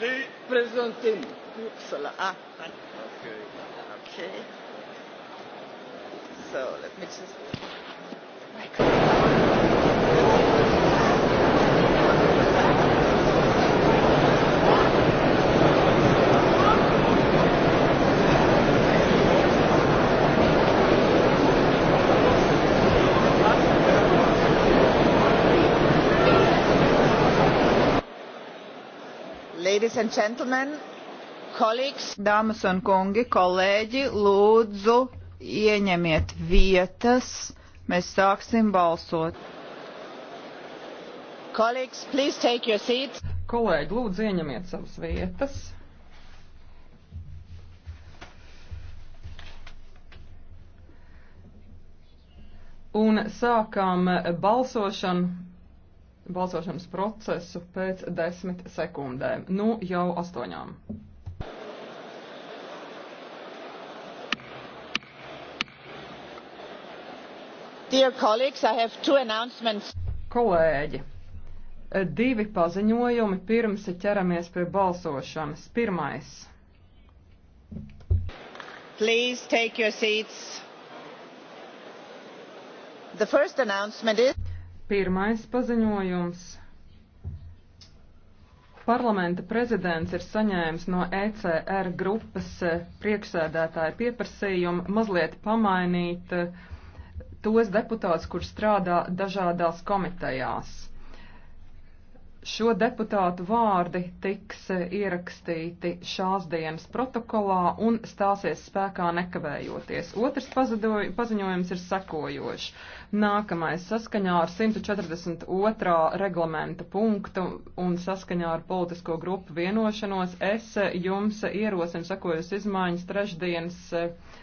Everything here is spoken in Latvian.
die Präsidentin. Upsala. Ah, danke. Okay. okay. So, let me just. Microphone. Ladies and gentlemen, colleagues. Dāmas un kungi, kolēģi, lūdzu ieņemiet vietas. Mēs sāksim balsot. Colleagues, please take your seats. Kolēģi, lūdzu ieņemiet savas vietas. un sākām balsošanu balsošanas procesu pēc desmit sekundēm, nu jau astoņām. Kolēģi, divi paziņojumi pirms ķeramies pie balsošanas. Pirmais. Please take your seats. The first announcement is. Pirmais paziņojums. Parlamenta prezidents ir saņēmis no ECR grupas eh, priekšsēdētāja pieprasījumu mazliet pamainīt eh, tos deputātus, kur strādā dažādās komitejās. Šo deputātu vārdi tiks eh, ierakstīti šās dienas protokolā un stāsies spēkā nekavējoties. Otrs paziņojums ir sekojošs. Nākamais saskaņā ar 142. reglamenta punktu un saskaņā ar politisko grupu vienošanos es eh, jums ierosinu sekojas izmaiņas trešdienas eh,